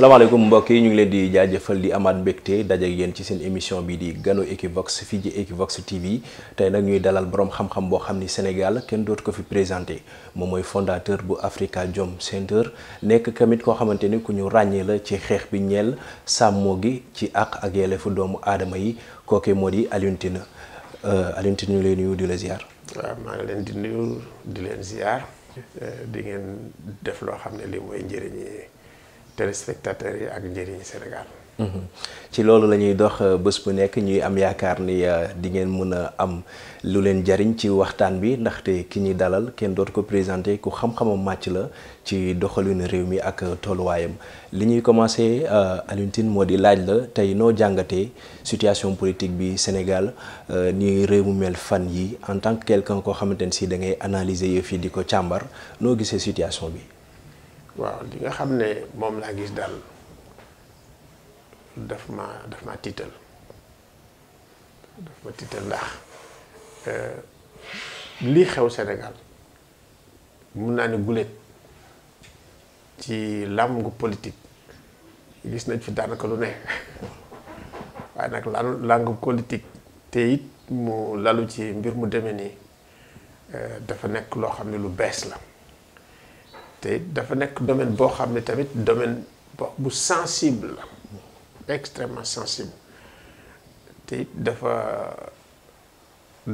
salaamaaleykum mbokk yi ñu ngi leen di jaajëfal di amaat mbégte daje ak ci seen émission bi di ganu Equivox fii ci Equivox TV tey nag ñuy dalal boroom xam-xam boo xam ni Sénégal kenn dootu ko fi présenté moom mooy fondateur bu Africa Jom Center nekk kamit koo xamante ni ku ñu ràññee la ci xeex bi ñeel sàmmoo gi ci àq ak yelleefu doomu aadama yi kooke moo di Alioune Tine euh, Alioune Tine ñu lay di la ziar. waaw maa ngi leen di nuyu di leen ziar euh, di ngeen def loo xam ne lii mooy téléspectateurs yi ak njëriñ Sénégal. Mhm. ci loolu la ñuy dox euh, bés bu nekk ñuy am yaakaar ni euh, di ngeen mën a am lu leen jariñ ci waxtaan bi ndaxte ki ñuy dalal kenn dootu ko présenté ku xam-xamam màcc la ci doxalinu réew mi ak tolluwaayam li ñuy commencé euh, Alioune Tine moo di laaj la tey noo jàngatee situation politique bi Sénégal ni réew mu mel fan yi en tant que quelqu'un koo xamante ne si da ngay analyser yëf yi di ko càmbar noo gisee situation bi. waaw li nga xam ne moom laa gis daal daf ma daf ma tiital daf ma tiital ndax euh, lii xew Sénégal mun naa ne guléet ci làmgu politik gis nañ fi daanaka lu ne waaye nag lalu làngu politique te it mu lalu ci mbir mu demee nii euh, dafa nekk loo xam ne lu bees la te dafa nekk domaine boo xam ne tamit domaine bo bu sensible la extrêmement sensible te dafa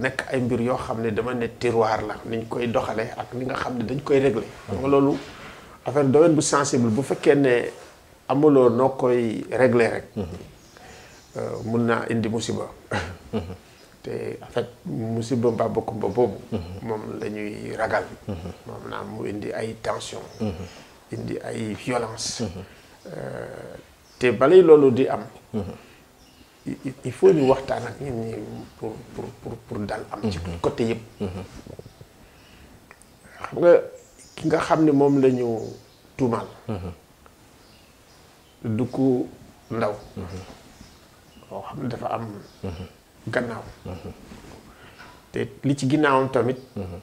nekk ay mbir yoo xam ne dama ne tiroir la ni ñu koy doxalee ak ni nga xam ne dañ koy régler xam nga loolu affaire domaine bu sensible bu fekkee ne amuloo noo koy régler rek mhm. euh, mun naa indi musiba mhm. te en fait musiba mbaa bokkumba boobu mhm. moom la ragal mhm. moom naa mu indi ay tension mhm. indi ay violence euh, te balay loolu di am il faut ñu waxtaan ak nit ñi pour pour pour dal am ci côté yëpp xam nga ki nga xam ni moom lañu ñu tuumaal du ku ndaw koo xam ne dafa am gannaaw mhm. te li ci ginnaawam tamit mhm.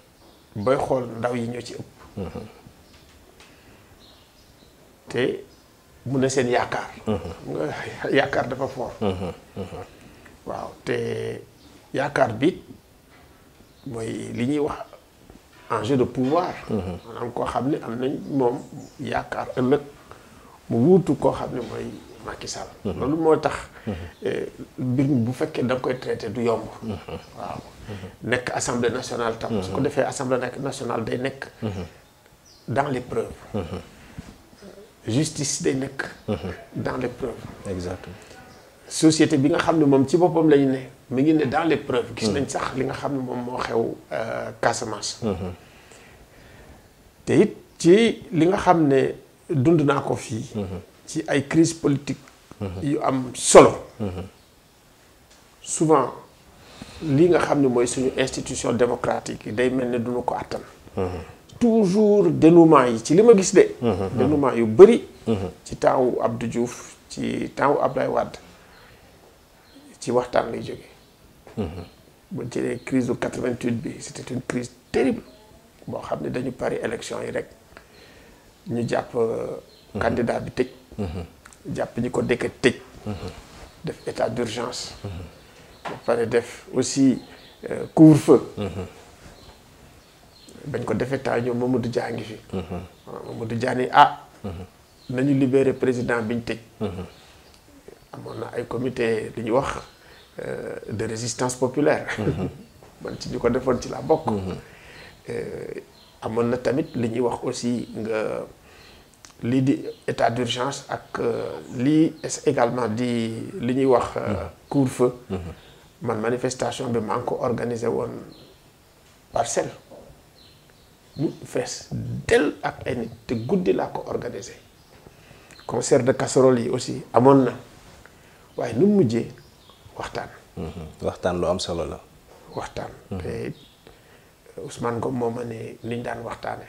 booy xool ndaw yi ñoo ci ëpp mhm. te mu ne seen yaakaar nga yaakaar dafa foor waaw te yaakaar bi mooy li ñuy wax enjeu de pouvoir maanaam koo xam ne am nañ moom yaakaar ëllëg mu wuutu koo xam ne mooy Macky loolu moo tax Eh, mbir mi bu fekkee da nga koy traité du yomb. waaw nekk assemblée nationale tam. su ko mhm. defee assemblée nationale day nekk. Mhm. dans les preuves. Mhm. justice day nekk. dans les preuves. exactement. société bi nga xam ne moom ci boppam lañ ne mi ngi ne dans les preuves. gis nañ sax li nga xam ne moom moo xew euh, Casamance. te it ci li nga xam ne dund naa ko fii. ci ay crise politique. yu am solo. souvent li nga xam ne mooy suñu institution démocratique yi day mel ne duñu ko àttan. toujours dénouement yi ci li ma gis de. dénouement yu bari ci temps wu Abdou Diouf ci temps wu Abdoulaye Wade ci waxtaan lay jóge ba jëlee crise du 88 bi c'était une crise terrible boo xam ne dañu pari élection yi rek ñu jàpp. Euh, candidat bi tëj. jàpp ñi ko dëkk tëj. def état d'urgence. ba pare def aussi euh, cour feu bañ ko defee temps ñoom Mamadou Dia ngi fi. waaw Mamadou Dia ni ah. nañu libéré président biñ tëj. amoon na ay commité li ñuy wax euh, de résistance populaire. man ci ñu ko defoon ci la bokk. Euh, amoon na tamit li ñuy wax aussi nga. lii di état d'urgence ak euh, lii également di li ñuy wax euh, mm-hmm. couvre-feu mm-hmm. man manifestation bi maa ngi ko organisé woon parcel fees del ak ay nit te guddi laa ko organisé concert de casserole yi aussi amoon na waaye nu mujjee waxtaan mm-hmm. waxtaan lu am solo la waxtaan te Ousmane Ngom moo ma ne niñ daan waxtaane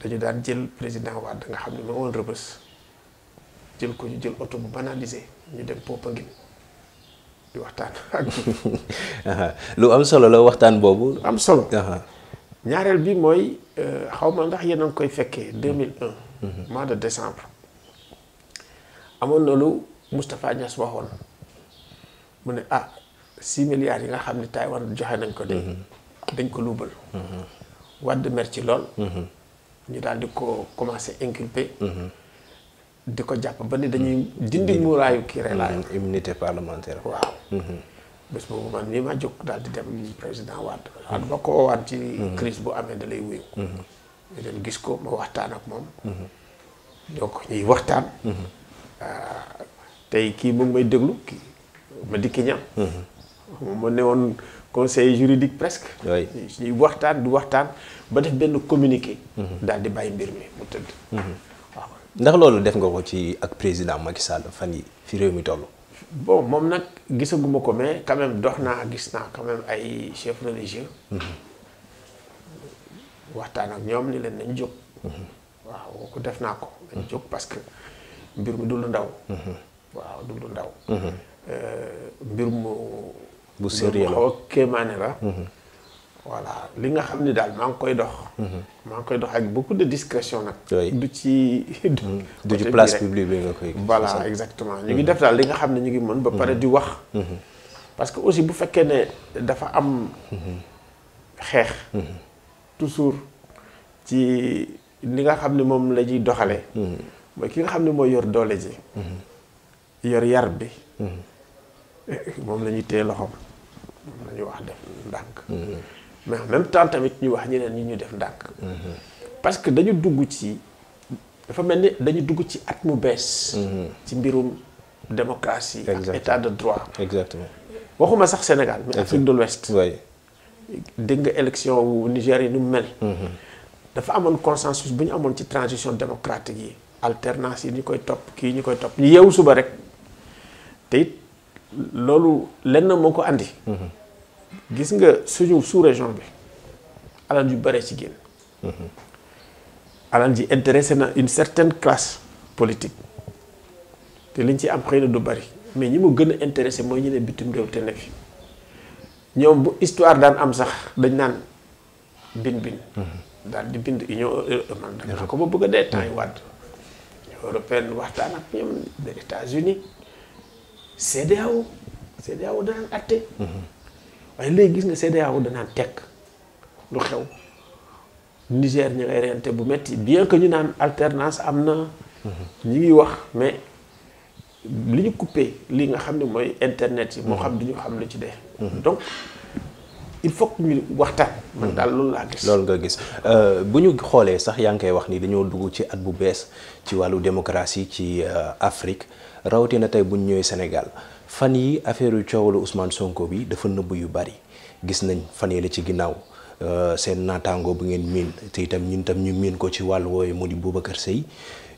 dañu daan jël président Wade nga xam ne ma woon rëbës jël ko ñu jël oto bu banalisé ñu dem Popenguine di waxtaan ak lu am solo la waxtaan boobu am solo ñaareel bi mooy euh, xaw ma ndax yéen koy fekkee 2001 mhm. mhm. mois de décembre amoon na lu Moustapha Niass waxoon mu ne ah six milliards yi nga xam ne Taïwan joxe nañ ko de mhm. dañ ko luubal Wade mer ci lool ñu daal di ko commencé inculper. Mhm. di ko jàpp ba ni dañuy dindi muuraayu kii rek laa immunité parlementaire. waaw. Mhm. bés boobu man nii ma jóg daal di dem président Wade. Mhm. ak ma ko woowaan ci. crise bu amee da lay wuyu. ñu dem gis ko ma waxtaan ak moom. donc ñuy waxtaan. Ah, tey kii mu may déglu kii ma dikki ñam. ma ne woon conseil juridique presque. oui ñuy waxtaan du waxtaan ba def benn communiqué. Mhm. daal di bàyyi mbir mi mu tëdd. Mhm. waaw ndax loolu def nga ko ci ak président Macky Sall fan yi fi réew mi toll. bon moom nag gisaguma ko mais quand même dox naa gis naa quand ay chef religieux. Mhm. waxtaan ak ñoom ni leen dañ jóg. waaw ko def naa ko. nañ jóg parce que mbir mi du lu ndaw. waaw du ndaw. Euh, mbir mu. bu sérieux la kéemaane la voilà li nga xam ni daal maa ngi koy dox. maa ngi koy dox ak beaucoup de discrétion nag. du ci mm-hmm. du ci place publique bi nga koy. voilà exactement ñu ngi mm-hmm. def daal li nga xam ne ñu ngi mën ba pare mm-hmm. di wax. parce que aussi bu fekkee ne dafa am xeex. toujours ci li nga xam ne moom la ñuy doxalee. mooy ki nga xam ne mooy yor doole ji. yor yar bi. Eh, moom la ñuy téye loxoom. nañu wax def ndànk mais même temps tamit ñu wax ñeneen ñi ñu def ndànk parce que dañu dugg ci dafa mel ni dañu dugg ci at mu bees ci mbirum démocratie ak état de droit exactement waxuma sax Sénégal mais Afrique de l'Ouest dégg nga élection wu Niger yi nu mu mel mhm. dafa amoon consensus bu ñu amoon ci transition démocratique yi alternance yi ñu koy topp kii ñu koy topp ñu yeewu suba rek loolu lenn moo ko àndi mhm. gis nga suñu sous région bi alal yu bare ci génn. Mhm. alal ji intéressé na une certaine classe politique te liñ ci am xëy na du bari mais ñi mu gën a intéressé mooy ñu ne bitim réew te ne fi ñoom bu histoire daan am sax dañ naan bin bin. Mhm. daal di bind union man ko bëgg a dee temps yi wàdd. waxtaan ak ñoom des États-Unis CEDEAO CEDEAO danaan atte waaye léegi gis nga CEDEAO danaan tekk lu xew Niger ñu ngay rente bu metti bien que ñu naan alternance am na ñi ngi wax mais li ñu coupé lii nga xam ne mooy internet yi moo xam du ñu xam lu ci dee mm-hmm. donc il faut que ñu waxtaan. man daal loolu laa gis. loolu nga gis euh, bu ñu xoolee sax yaa ngi koy wax nii dañoo dugg ci at bu bees ci wàllu démocratie ci euh, Afrique rawatina tey bu ñu ñëwee Sénégal fan yi affaire yu coowalu Ousmane Sonko bi dafa nëbb yu bari gis nañ fan yi la ci ginnaaw. Euh, seen naataango bu ngeen miin te itam ñun tam ñu miin ko ci wàllu woowu mu di Boubacar Seye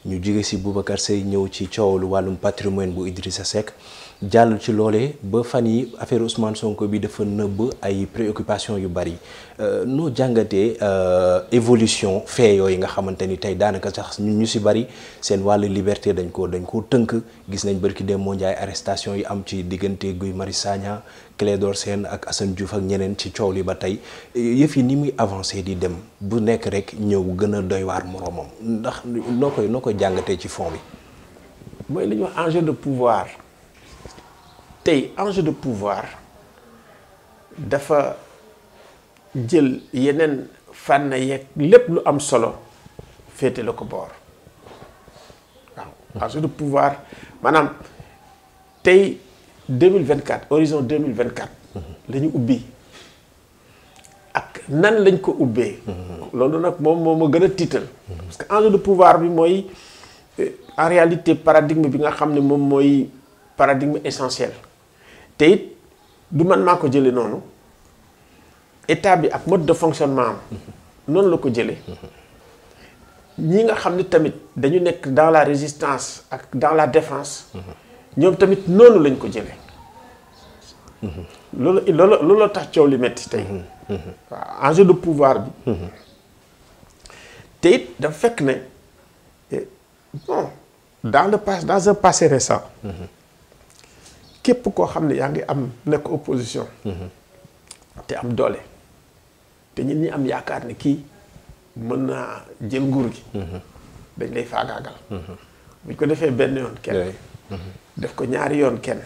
ñu jóge si Boubacar Seye ñëw ci coow lu wàllum patrimoine bu sa Seck jàll ci loole ba fan yi affaire Ousmane Sonko bi dafa nëbb ay préoccupation yu bari euh, noo jàngatee euh, évolution fee yi nga xamante ni tey daanaka sax ñun ñu si bari seen wàll liberté dañ ko dañ ko tënk gis nañ barki moo Ndiaye arrestation yi am ci diggante Guy Marius Sagna Clédor Sène ak Assane Diouf ak ñeneen ci coow li ba tey yëf yi ni muy avancé di dem bu nekk rek ñëw gën a doy waar moroomam ndax noo koy noo koy jàngatee ci fond bi. mooy li ñuy wax enjeu de pouvoir. tey enjeu de pouvoir dafa jël yeneen fànn yeeg lépp lu am solo féete la ko boor waaw enjeu de pouvoir maanaam tey 2024 horizon 2024 la ñu ubbi ak nan lañ ko ubbee mhm. loolu nag moom moo gën a tiital mhm. parce que enjeu de pouvoir bi mooy euh, en réalité paradigme bi nga xam ne moom mooy paradigme essentiel te it du man maa ko jëlee noonu état bi ak mode de fonctionnement am mhm. noonu la ko jëlee ñi nga xam ne tamit dañu nekk dans la résistance ak dans la défense mhm. ñoom tamit noonu lañ ko jëlee mhm. loolu loolu tax coow li metti tey waaw de pouvoir bi te dafa fekk ne eh, bon dans le passé dans un passé récent képp koo xam ne yaa ngi am nekk opposition. Mhm. te am doole. te ñun ñi am yaakaar ne kii mën naa jël nguur gi. Mhm. dañ lay faagaagal. Mhm. buñ ko defee benn yoon kenn. def ko ñaari yoon kenn.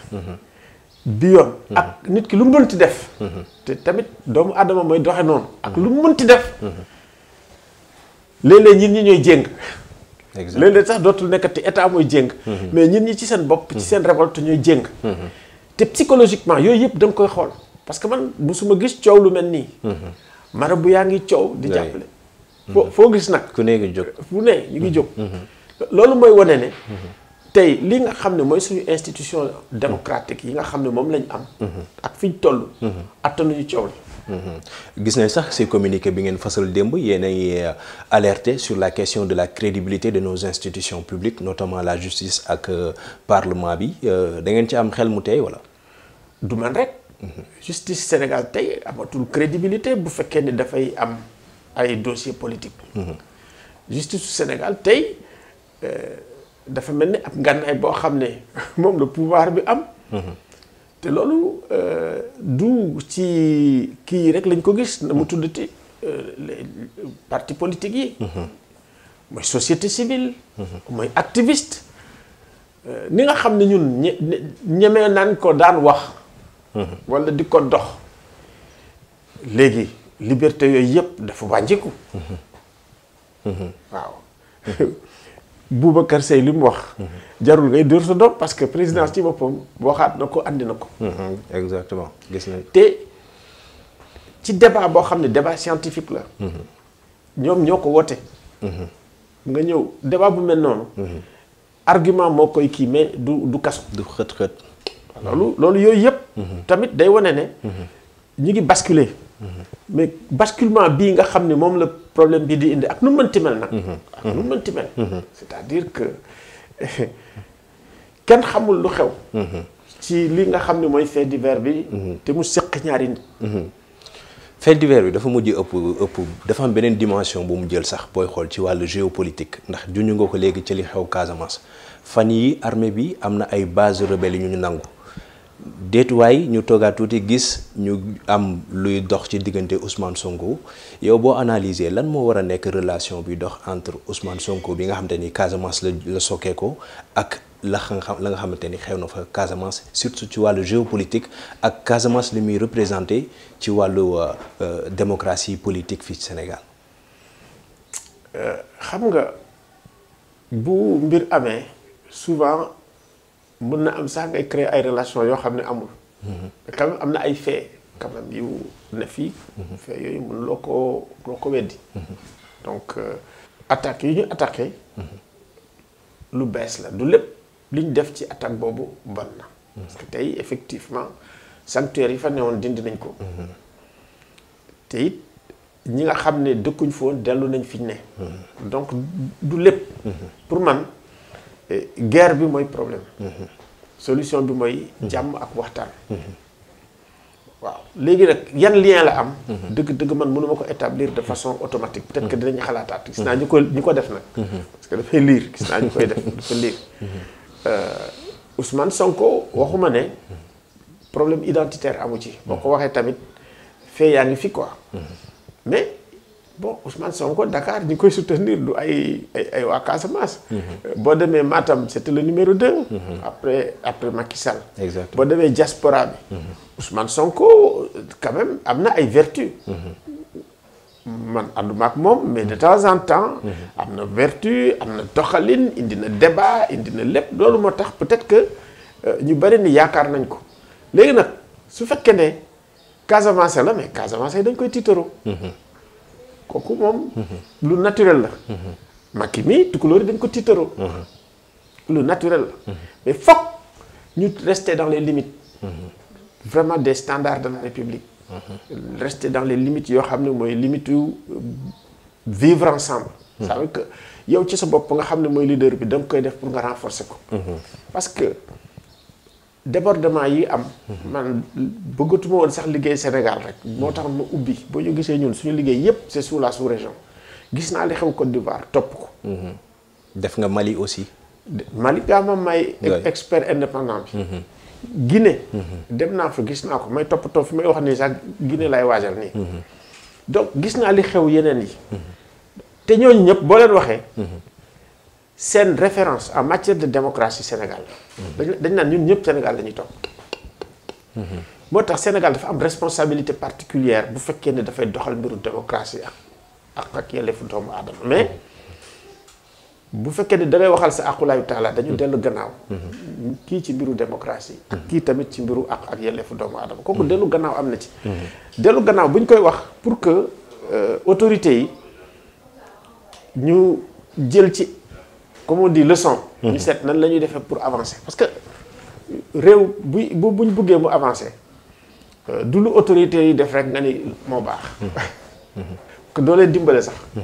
bi yoon. ak nit ki lu mu mënti def. te tamit doomu aadama mooy doxe noonu. ak lu mu mënti def. léeg-léeg ñi ñooy jéng. léeg-léeg sax dootul nekkati état mooy jéng mhm. mais ñin ñi ci seen bopp ci mhm. seen révolte ñooy jéng mhm. te psychologiquement yooyu yëpp da koy xool parce que man musuma gis coow lu mel nii bu yaa ngi coow di jàppale foo foo gis nag ku ne ngi jóg ku ne ñu ngi jóg loolu mooy wane ne tey li nga xam ne mooy suñu institution democratique yi nga xam ne moom lañ am ak fiñ ñu toll attanuñu coow la Mhm. gis nañ sax si communiqué bi ngeen fasal démb yéen ay euh, alerté sur la question de la crédibilité de nos institutions publiques notamment la justice ak euh, parlement bi euh, da ngeen ci am xel mu tey wala. du man rek. Mhm. justice Sénégal tey amatul crédibilité bu fekkee ni dafay am ay dossier politique mhm. justice Sénégal tey dafa mel ni ab ngànnaay boo xam ne moom la pouvoir bi am. te loolu euh, du ci kii yi rek lañ ko gis. na mm-hmm. mu tuddati euh, parti politique yi. Mm-hmm. mooy société civile. Mm-hmm. mooy activiste. Euh, ni nga xam ne ñun ñemee naan ko daan wax. walla di ko dox. léegi liberté yooyu yëpp dafa bànjiku waaw. Boubacar Seye li mu wax. jarul ngay dóor sa doom parce que présidence ci boppam waxaat na ko àndina ko. Mhm, exactement gis nañ te ci débat boo xam ne débat scientifique la. ñoom ñoo ko woote. Mhm. nga ñëw débat bu mel noonu. Mhm. argument moo koy kii mais du du kas du xët xët. loolu loolu yooyu yëpp. tamit day wane ne. ñu ngi basculer. mais basculement bii nga xam ne moom la problème bii di indi ak lu mu mënti mel nag. ak nu mu mënti mel. Mhm. Mhm. Mhm. c'est-à-dire que kenn xamul lu xew. ci li nga xam ne mooy fait divers bi. te mu seq ñaari nit. fait divers bi dafa mujj ëpp ëpp dafa beneen dimension bu mu jël sax booy xool ci wàllu géopolitique ndax ñu nga ko léegi ci li xew Casamance fan yi armée bi am na ay base rebelles yu ñu nangu. déetuwaay ñu toogaat tuuti gis ñu am luy dox ci diggante Ousmane Sonko yow boo analyser lan moo war a nekk relation bi dox entre Ousmane Sonko bi nga xamante ni Casamance la la sokkee ko ak la xam la nga xamante ni xew na fa Casamance surtout ci wàllu géopolitique ak Casamance li muy représenté ci wàllu euh, euh, démocratie politique fii ci Sénégal. Euh, xam nga bu mbir amee souvent. mën na am sax ngay créer ay relation yoo xam ne amul. Mhm. mais am na ay fait quand même yu ne fii. Mhm. fait yooyu mën loo ko loo ko weddi. Mhm. donc euh, attaques yu ñu attaqué. lu bees la du lépp li def ci attaque boobu bon na. parce que tey effectivement sanctuaire yi fa newoon dindi nañ ko. te ñi nga xam ne dëkkuñ foon dellu nañ fi ñu ne. donc du lépp. pour man. Eh, guerre bi mooy problème. solution bi mooy. jàmm ak waxtaan. waaw léegi nag yan lien la am. dëgg dëgg man mënuma ko établir de façon automatique. peut-être que dinañ xalaataat gis naa ñu ko ñu ko def nag. parce que dafay liir gis naa ñu koy def dafa liir. Euh, Ousmane Sonko waxuma ne problème identitaire amu ci. boo ko waxee tamit fee yaa ngi fi quoi. mais. bon Ousmane Sonko Dakar ñu koy soutenir du ay ay ay waa Casamance. boo demee maatam c' était le numéro 2. Mhm. après après Macky Sall. exactement boo demee diaspora bi. Mhm. Ousmane Sonko quand am na ay vertus. Mhm. man ànduma ak moom mais de temps en temps. am na vertu am na doxalin indi na débat indi na lépp loolu moo tax peut-être que euh, ñu bari ni yaakaar nañ ko léegi nag su fekkee ne Casamance la mais Casamance dañ koy tiitaroo. kooku moom. lu naturel la. Macky mii tukulóor yi dañ ko tiitaroo. lu naturel la. mais foog ñu rester dans les limites. vraiment des standards de la République. rester dans les limites yoo xam ne mooy limite yu vivre ensemble. sa veut que yow ci sa bopp nga xam ne mooy leader bi da koy def pour nga renforcer ko. Mm-hmm. parce que. débordement yi am. man bëggatuma woon sax liggéey Sénégal rek. moo tax mu ubbi boo ñu gisee ñun suñu liggéey yépp c'est sous la sous-région gis naa li xew Côte d'Ivoire topp ko. Mhm. def nga Mali aussi. Mali am ma may. E- expert indépendant bi. Mhm. Guinée. Mhm. dem naa fa gis naa ko may toppatoo fi may wax nii sax Guinée lay waajal nii. donc gis naa li xew yeneen yi. te ñooñu ñëpp boo leen waxee. seen référence en matière de démocratie Sénégal dañ dañ naan ñun ñëpp Sénégal la ñuy topp moo tax Sénégal dafa am responsabilité particulière bu fekkee ne dafay doxal mbiru démocratie ak ak ak yelleefu doomu aadama mais bu fekkee ne da waxal sa aqulaayu taala dañu dellu gannaaw kii ci mbiru démocratie ak kii tamit ci mbiru ak ak yelleefu doomu aadama kooku dellu gannaaw am na ci dellu gannaaw bu ñu koy wax pour que euh, autorité yi ñu jël ci comme on dit leçon. ñu mhm. seet nañ lañuy ñuy defee pour avancer parce que euh, réew bu bu buñ buggee mu avancer euh, du lu autorité yi def rek nga ni moo baax. Mhm. que doo leen dimbale sax. Mhm.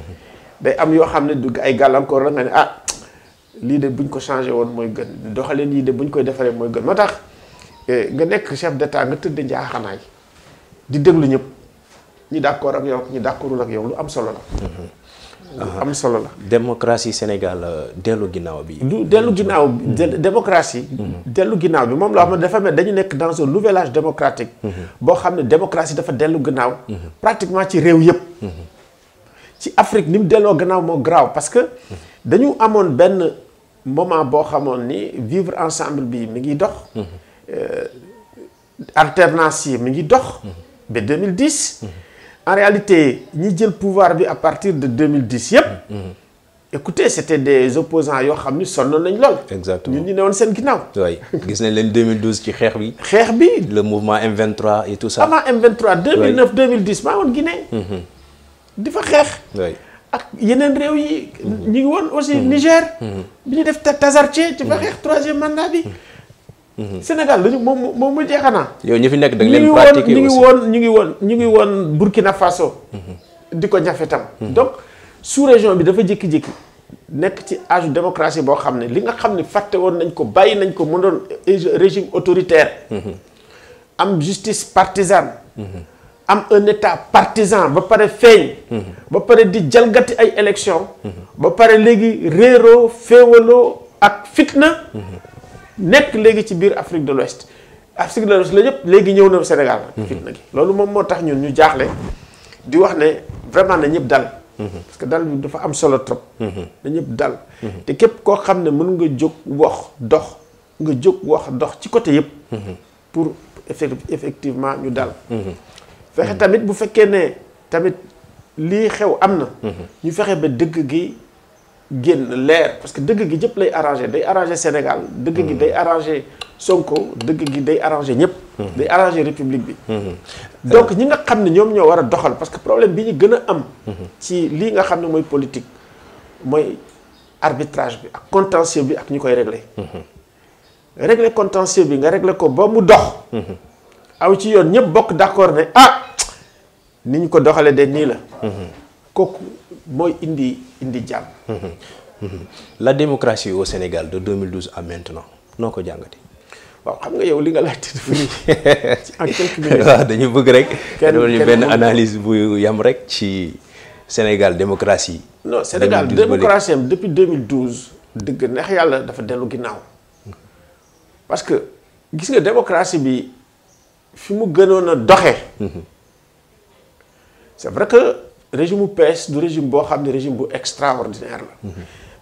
day am yoo xam ne du ay gàllankoor la nga ne ah lii de buñ ko changé woon mooy gën doxaleen yii de buñ koy defaree mooy gën moo tax euh, nga nekk chef d'état nga tëdd njaaxanaay di déglu ñëpp ñi d'accord ak yow ñi d'accordul ak yow lu am solo la. am solo la. démocratie Sénégal euh, dellu ginnaaw bi. du dellu ginnaaw bi démocratie. Mm-hmm. dellu ginnaaw bi moom la xam ne dafa mel dañu nekk dans un nouvel âge mm-hmm. boo xam ne démocratie dafa dellu ginnaaw. Mm-hmm. pratiquement ci réew yëpp. ci Afrique ni mu delloo gannaaw moo graaw parce que dañu amoon benn moment boo xamoon ni vivre ensemble bi mi ngi dox. Euh, alternance yi mi ngi dox. ba 2010. en réalité ñi jël pouvoir bi à partir de deux 2010 yëpp. Mm-hmm. écoutez c' étaient des opposants yoo xam ni sonnoon nañ lool. exactement ñun ñu newoon seen ginnaaw. waay gis nañ leen 2012 ci xeex bi. xeex bi le mouvement M23 et tout ça. avant M23 2009 2010 maa woon Guinée. Mm-hmm. di fa xeex. ak yeneen réew yi. Mm-hmm. ñu ngi woon aussi Niger. bi ñu def Tazarché ci fa xeex troisième mandat bi. Mhm. Sénégal lañu moom moom mu jeexanaa. yow ñu fi nekk da nga leen pratiquer ñu ngi woon ñu ngi woon ñu ngi woon Burkina Faso. Mhm. di ko ñafe tam. Mhm. donc sous région bi dafa jékki-jékki. nekk ci âge démocratie boo xam ne li nga xam ne fàtte woon nañ ko bàyyi nañ ko mu doon régime autoritaire. am justice partisane. am un état partisan ba pare feeñ. ba pare di jalgati ay élections. ba pare léegi réeroo féewaloo ak fitna. nekk léegi ci biir Afrique de l'Ouest Afrique de l'Ouest la ñëpp léegi ñëw na Sénégal. Mhm. fitna gi loolu moom moo tax ñun ñu jaaxle di wax ne vraiment na ñëpp dal. Mhm. parce que dal bi dafa am solo trop. Mhm. na ñëpp dal. te képp koo xam ne mën nga jóg wax dox nga jóg wax dox ci côté yëpp. pour effectivement ñu dal. fexe tamit bu fekkee ne tamit lii xew am na. ñu fexe ba dëkk gi. génn leer parce que dëgg gi jëpp lay arrangé day arrangé Sénégal dëgg gi hmm. day arrangé Sonko dëgg gi day arrangé ñëpp hmm. day arrangé république bi hmm. donc ñi nga xam ne ñoom ñoo war a doxal parce que problème bi ñu gën a am ci lii nga xam ne mooy politique mooy arbitrage bi ak contentieux bi ak ñu koy réglé réglé contentieux bi nga réglé ko ba mu dox aw ci yoon ñëpp bokk d'accord ne ah ni ñu ko doxalee de nii la mooy indi indi jàmm. la démocratie au Sénégal de 2012 à maintenant noo ko jàngati. waaw xam nga yow li nga laajte dafa nii waaw dañu bëgg rek. kenn ñu benn analyse bu yam rek ci Sénégal démocratie. non Sénégal démocratie am depuis 2012. dëgg neex yàlla dafa dellu ginnaaw. parce que gis nga démocratie bi fi mu gënoon a doxe mhm. c'est vrai régime bu PS du régime boo xam ne régime bu extraordinaire la.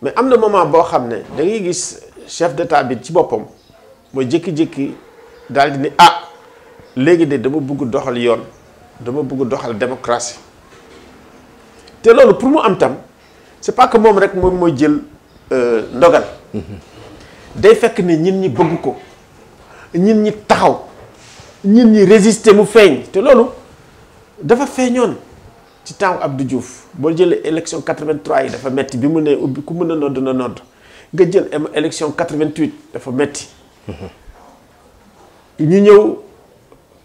mais am na moment boo xam ne da ngay gis chef d'état bi ci boppam mooy jékki-jékki daal di ni ah léegi de dama bugg doxal yoon dama bugg doxal démocratie te loolu pour mu am tam c'est pas que moom rek moom mooy jël euh, ndogal. day fekk ni ñin ñi bëgg ko ñin ñi taxaw ñin ñi résister mu feeñ te loolu dafa feeñoon. ci temps Abdou Diouf boo jëlee élection 83 yi dafa metti bi mu ne ubbi ku mën a nodd na nodd nga jël élection 88 dafa metti ñu ñëw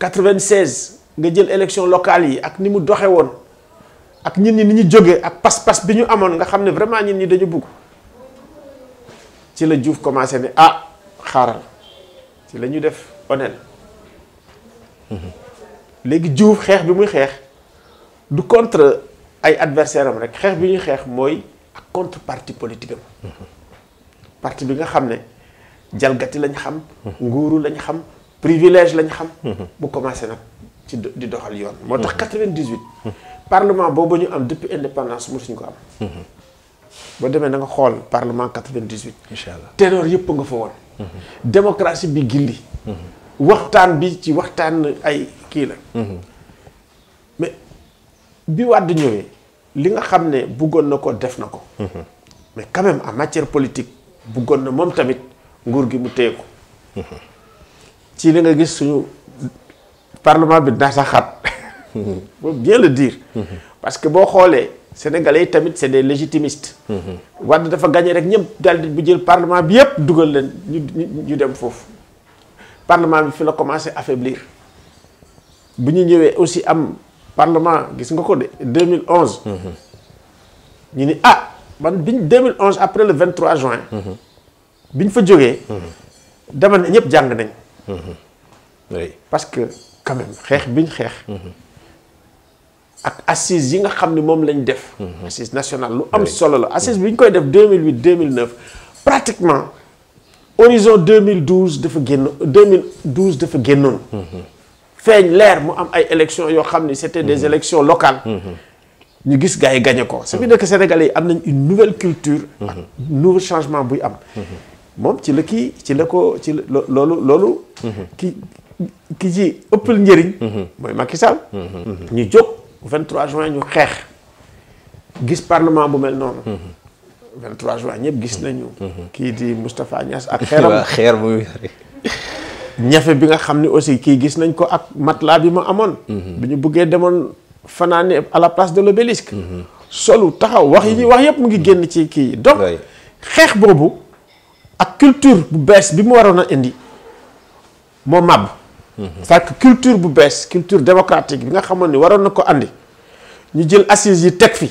96 nga jël élection locale yi ak ni mu doxe woon ak ñit ñi ni ñu jógee ak pas-pas bi ñu amoon nga xam ne vraiment ñit ñi dañu bugg ci la juuf commencé ne ah xaaral ci lañuy def onel léegi Diouf xeex bi muy xeex du contre ay adversaire am rek xeex bi ñuy xeex mooy contre parti politique am parti bi nga xam ne jalgati lañ xam nguuru lañ xam privilège lañ xam bu commencé nag ci di doxal yoon moo tax 98 parlement boobu ñu am depuis indépendance mosuñ ko am boo demee na nga xool parlement 98 incha allah ténor yëpp nga fa woon démocratie bi gilli waxtaan bi ci waxtaan ay kii la bi Wàdd ñëwee li nga xam ne buggoon na ko def na ko. Mhm. mais quand même matière politique buggoon na moom tamit nguur gi mu téye ko. Mhm. ci li nga gis suñu parlement bi nasaxaat. Mhm. faut bien le diir parce que boo xoolee sénégalais yi tamit c'est des légitimistes. Wàdd dafa gagné rek ñëpp daal di bu jël parlement bi yëpp dugal leen ñu ñu dem foofu. parlement bi fi la commencé affaire bu ñu ñëwee aussi am. parlement gis nga ko de 2011. ñu ni ah man biñ 2011 après le 23 bi biñ fa jógee. dama ne ñëpp jàng nañ. parce que quand xeex bi ñu xeex. ak assise yi nga xam ne moom lañ def. assise nationale lu am solo la assise bi ñu koy def 2008 2009 pratiquement horizon 2012 dafa génn 2012 dafa génnoon. feeñ leer mu am ay élections yoo xam ni c'était des mhm. élections locales. Mhm. ñu gis gars yi gagné ko. ça veut dire que am na une nouvelle culture. ak mhm. nouveau changement buy am. moom ci la ki ci la ko ci loolu loolu. ki ci ëppal njëriñ. mooy Macky Sall. ñu jóg 23 juin ñu xeex. gis parlement bu mel noonu. juin ñëpp gis nañu. kii di Moustapha Niass ak. xeeram xeer bu ñafe bi nga xam ne aussi kii gis nañ ko ak matelas bi mu amoon. Mhm. bi ñu bëggee demoon fanaane à la place de l'obélisque. Mhm. solu taxaw wax yi ñuy mhm. wax yëpp mu ngi génn ci kii donc xeex boobu ak culture bu bees bi mu waroon a indi moo màbb. c'est que culture bu bees culture démocratique bi nga xamoon ni waroon na ko indi ñu jël assises yi teg fi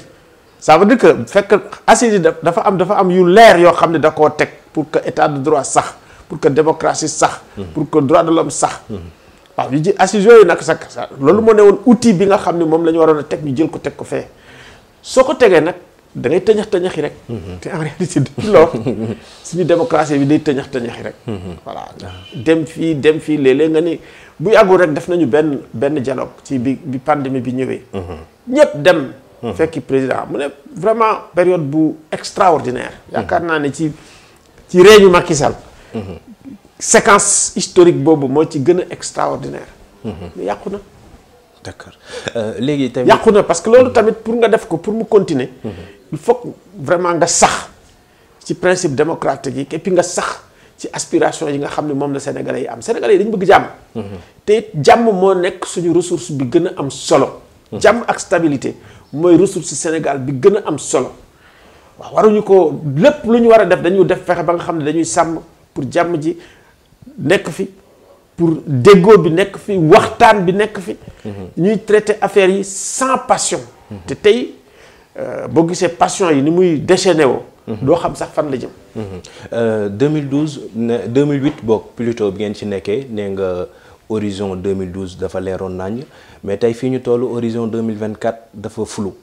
ça veut dire que fekk assises yi dafa am dafa am yu leer yoo xam ne da koo teg pour que état de droit sax. pour que démocratie sax. Mm-hmm. pour que droit de l'homme sax. Mm-hmm. waaw yu ji assises yooyu nag sax loolu moo ne woon outil bi nga xam ne moom la ñu waroon a teg ñu jël ko teg ko fee soo ko tegee nag da ngay tëñax tëñaxi rek. Mm-hmm. te en réalité depuis suñu démocratie bi day tëñax tëñaxi rek. Ah. dem fii dem fii léeg-léeg bu yàggul def nañu benn benn dialogue ci bi bi pandémie bi ñëwee. ñëpp dem. fekki président mu ne vraiment période bu extraordinaire. yaakaar naa ne ci ci réew mi Macky Sall séquence historique boobu moo ci gën a extraordinaire. Mhm. mais yàqu na. d'accord euh, léegi tamit. yàqu na parce que loolu mhm. tamit pour nga def ko pour mu continuer. Mhm. il faut vraiment nga sax ci principe démocratique yi képp puis nga sax ci aspiration yi nga xam ne moom la sénégalais yi am sénégalais yi dañu bëgg jàmm. te jàmm moo nekk suñu ressource bi gën a am solo. jàmm ak stabilité mooy ressource Sénégal bi gën a am solo waaw waruñu ko lépp lu ñu war a def dañu def fexe ba nga xam ne dañuy sàmm. pour jàmm ji nekk fi pour déggoo bi nekk fi waxtaan bi nekk fi. Mhm. ñuy traiter affaires yi sans passion. Mhm. te tey euh, boo gisee passion yi ni muy déchaîné woo. Mhm. doo xam sax fan la jëm. 2012 euh, ne 2008 boog plutôt bi ngeen ci nekkee nee nga horizon 2012 dafa leeroon nañ mais tey fii ñu tollu horizon 2024 dafa flou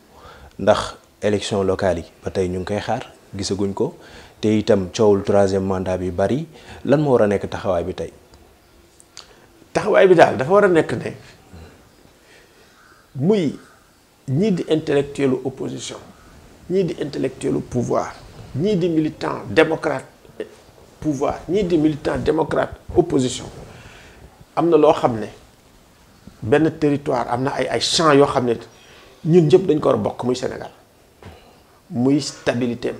ndax élection locale yi ba tey ñu ngi koy xaar gisaguñ ko. te itam coowul troisième mandat bi bari lan moo war a nekk taxawaay bi tey. taxawaay bi daal dafa war a nekk ne muy ñii di intellectuel opposition ñii di intellectuel pouvoir ñii di militant démocrate pouvoir ñii di militant démocrate opposition am na loo xam ne benn territoire am na ay ay champs yoo xam ne ñun ñëpp dañ ko war a bokk muy Sénégal muy stabilité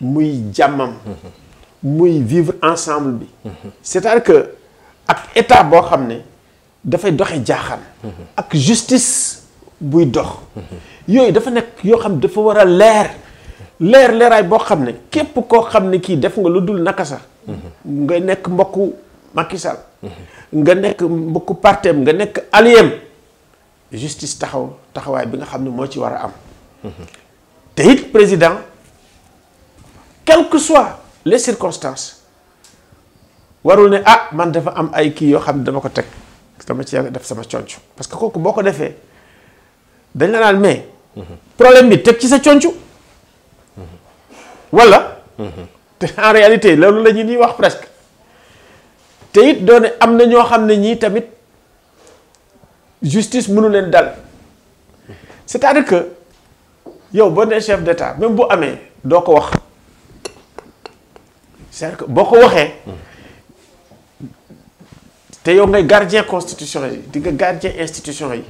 muy jàmmam muy vivre ensemble bi cest à que ak état boo xam ne dafay doxe jaaxaan ak justice buy dox yooyu dafa nekk yoo xam ne dafa war a leer leer leeraay boo xam ne képp koo xam ne kii def nga lu dul naka sax nga nekk mbokku Macky nga nekk mbokku partem nga nekk alliéem justice taxaw taxawaay bi nga xam ne moo ci war a am te président quelles soit soient les circonstances warul ne ah man dafa am ay kii yoo xam ne dama ko teg dama ci def sama conc parce que kooku boo ko defee dañ la naan mais problème bi teg ci sa conc wala te en réalité loolu la ñu ñuy wax presque te it doone am na ñoo xam ne ñii tamit justice mënu leen dal c'est-à-dire que yow boo nee chef d'état même bu amee doo ko wax cest boo ko waxee te yow ngay gardien constitution yi di nga gardien institution yi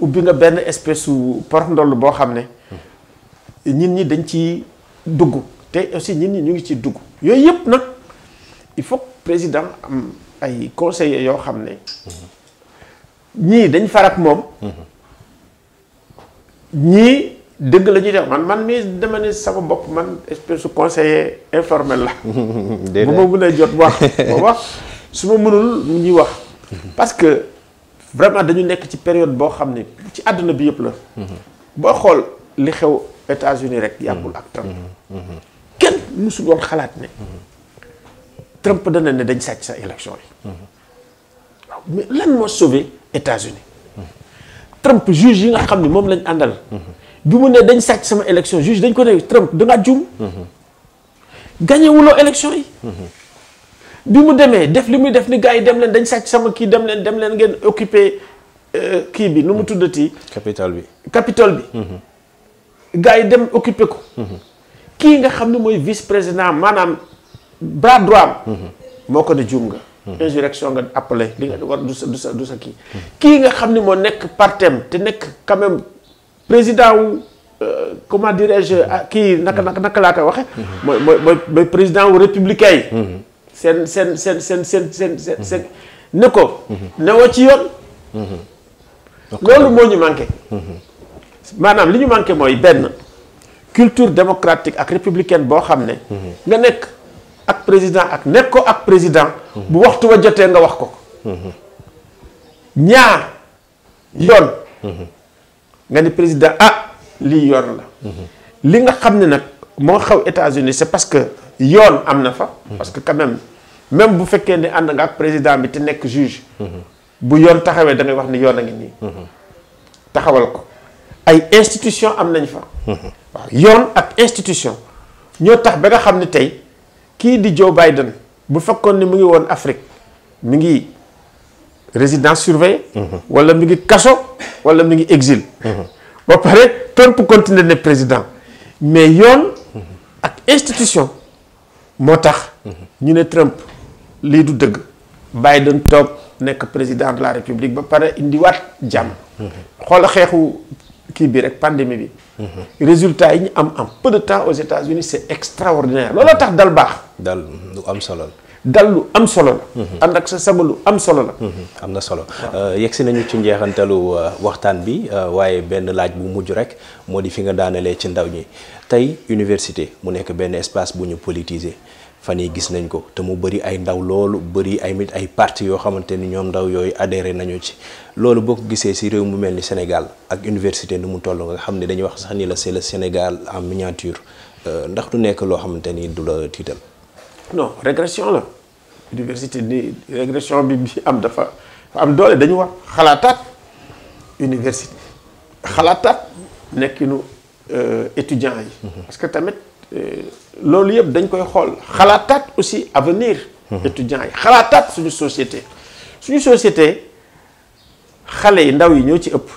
ubbi nga benn espèce su porof ndoll boo xam ne ñin ñi dañ ci dugg te aussi ñin ñi ñu ngi ci dugg yooyu yëpp nag il faut président am ay conseillers yoo xam ne ñii dañ farak moom ñii dëgg la ñuy def man man mii dama ne sama bopp man espèce su conseiller informel la. bu ma mënee jot wax ma su ma mënul mu ñuy wax. parce que vraiment dañu nekk ci période boo xam ne ci àdduna bi yëpp la. boo xool li xew États-Unis rek yàggul ak Trump. kenn mësul woon xalaat ne. Trump dana ne dañ sàcc sa élection yi. waaw mais lan moo sauvé États-Unis. Trump juge yi nga xam ni moom lañ àndal. bi mu ne dañ sàcc sama élection juge dañ ko ne Trump da ngaa juum. gagné yi. bi mu demee def li muy def ni gars yi dem leen dañ sàcc sama kii dem leen dem leen ngeen occupé euh, kii bi nu mu hmm. tuddati. capital bi capital bi. Hmm. gars yi dem occupé ko. Hmm. kii nga xam ne mooy vice président maanaam bras droit am. moo ko ne juum nga. insurrection nga appelé li nga war du sa du sa du kii. kii nga xam ne moo nekk partem te nekk quand président wu euh, comment dirais-je ah, kii naka naka naka laa koy waxee. Mm-hmm. mooy mooy mooy président wu républicain yi. Mm-hmm. seen seen seen seen seen seen seen seen ne ko. Mm-hmm. newoo ci yoon. loolu moo ñu manqué. maanaam li ñu manqué mooy benn culture démocratique ak républicaine boo xam ne. nga nekk ak président ak nekk ko ak président. bu waxtu wa jotee nga wax ko. ñaar yoon. nga ni président ah lii yoon la. Mhm. li nga xam ne nag moo xaw États-Unis c'est parce que yoon am na fa. Mhm. parce que quand même même bu fekkee ne ànd nga ak président bi te nekk juge. Mhm. bu yoon taxawee da wax ni yoon a ngi nii. taxawal ko ay institution am nañ fa. yoon ak institution ñoo tax ba nga xam ne tey kii di Joe Biden bu fekkoon ne mu ngi woon Afrique mi ngi. résidence surveillée mhm. wala mi ngi kaso wala mu ngi exil mhm. ba pare Trump continuer ne président mais yoon mhm. ak institution moo tax ñu ne Trump lii du dëgg Biden toog nekk président de la république ba pare indiwaat jàmm xoola xeexu kii bi rek pandémie bi. résultat yi ñu am en peu de temps aux États-Unis c' est extraordinaire looloo tax dal baax. dal lu am solo la. dal lu am solo la. Mhm. ànd ak sa am solo la. Mhm. am na solo euh, yegsi nañu ci njeexantalu euh, waxtaan bi euh, waaye benn laaj bu mujj rek moo di fi nga daanelee ci ndaw ñi tey université mu nekk benn espace bu ñu politiser. fan yi gis nañ ko te mu bëri ay ndaw loolu bëri ay mit ay parti yoo xamante ni ñoom ndaw yooyu adhéré nañu ci loolu boo ko gisee si réew mu mel ni Sénégal ak université nu mu toll nga xam ne dañuy wax sax ni la c'est le Sénégal en miniature euh, ndax du nekk loo xamante ni du la tiital. non régression la université ni régression bi bi am dafa am doole dañu wax xalaataat université xalaataat nekkinu euh, étudiants yi. Mm-hmm. parce tamit. Euh, loolu yëpp dañ koy xool xalaataat aussi avenir mhm. étudiants yi xalaataat suñu société suñu société xale yi ndaw yi ñoo ci ëpp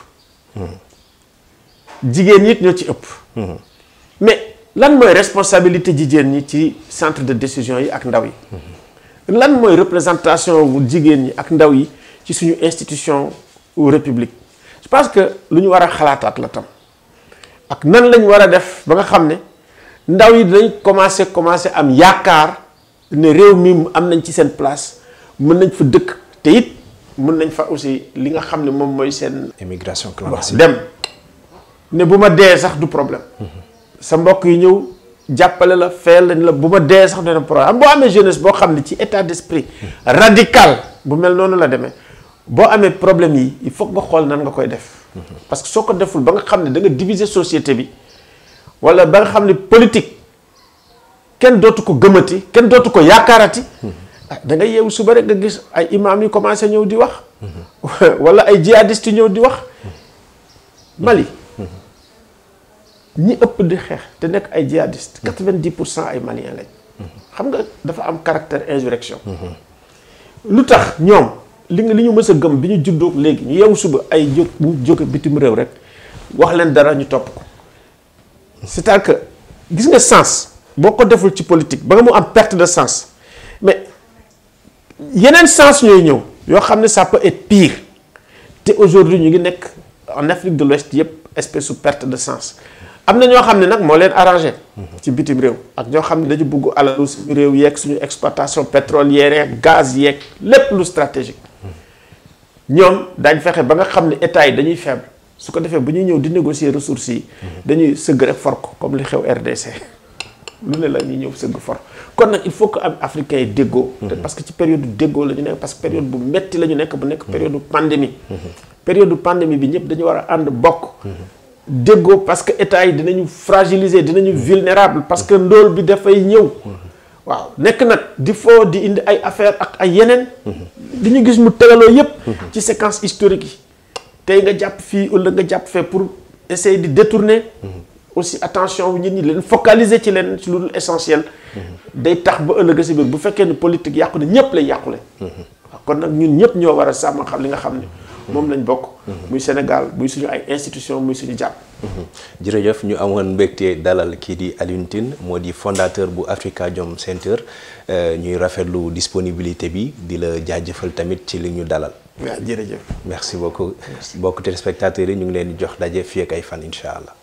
mhm. jigéen ñi ñoo ci ëpp mhm. mais lan mooy responsabilité jigéen ñi ci centre de décision yi ak ndaw yi lan mooy représentation wu jigéen ñi ak ndaw yi ci suñu institution ou république je que lu ñu war a xalaataat la tam ak nan lañu war a def ba nga xam ne ndaw yi dinañ commencé commencé am yaakaar ne réew mi am nañ ci seen place mën nañ fa dëkk te it mun nañ fa aussi li nga xam ne moom mooy seen. immigration clandestine dem ne bu ma dee sax du problème. Mhm. sa mbokk yi ñëw jàppale la fayal lañ la bu ma dee sax dana problème boo amee jeunesse boo xam ne ci état d'esprit mhm. radical bu mel noonu la demee boo amee problème yi il faut nga xool nan nga koy def. Mhm. parce que soo ko deful ba nga xam ne da nga diviser société bi. wala ba nga xam ne politique kenn dootu ko gëmati kenn dootu ko yaakaarati ah da nga yeewu suba rek nga gis ay imaam yi commencé ñëw di wax wala ay yi ñëw di wax Mali ñi ëpp di xeex te nekk ay jihadiste quatre-vingt-dix pour cent ay maliens lañ xam nga dafa am caractère insurrection lu tax ñoom li nga li ñu mës a gëm bi ñu juddoo léegi ñu yeewu suba ay jóg bu jóge bitim réew rek wax leen dara ñu topp ko c'est-à-dire que gis nga sens boo ko deful ci politique ba nga mu am perte de sens mais yeneen sens ñooy ñëw yoo xam ne ça peut être pire te aujourd'hui ñu ngi nekk en Afrique de l'Ouest yëpp espèce su perte de sens am na ñoo xam ne nag moo leen arrangé ci bitim réew ak ñoo xam ne dañu bugg alalu suñu réew yeeg suñu exploitation pétrolière yeeg gaz yeeg lépp lu stratégique ñoom dañ fexe ba nga xam ne état yi dañuy faible su ko defee bu ñuy ñëw di négocier ressource yi dañuy sëgg rek for ko comme li xew RDC lu ne la ñuy ñëw sëgg for kon nag il faut que am africains yi déggoo mhm. te que ci période déggoo lañu ñu nekk parce que période bu metti la ñu nekk bu nekk mhm. période pandémie mhm. période pandémie bi ñëpp dañu war a ànd bokk déggoo parce que état yi dinañu fragiliser dinañu vulnérable parce que ndóol bi dafay ñëw waaw nekk nag di foo di indi ay affaire ak ay yeneen li ñu gis mu tegaloo yépp ci séquence historique yi tey nga jàpp fii ëllëg nga jàpp fee pour essayer di détourner. aussi attention nit ñi leen focaliser ci leen ci lu dul essentiel. day tax ba ëllëg si biir bu fekkee ne politique yàqu na ñëpp lay yàqule. kon nag ñun ñëpp ñoo war a sàmm xam li nga xam ne. moom lañ bokk. muy Sénégal muy suñu ay institution muy suñu jàpp. jërëjëf ñu amoon mbégte dalal kii di Alioune moo di fondateur bu Afrikajom Center euh, ñuy rafetlu disponibilité bi di la jaajëfal tamit ci li ñu dalal. waaw jërëjëf. merci beaucoup mbokk téléspectateurs yi ñu ngi leen di jox daje fii ay fan incha allah.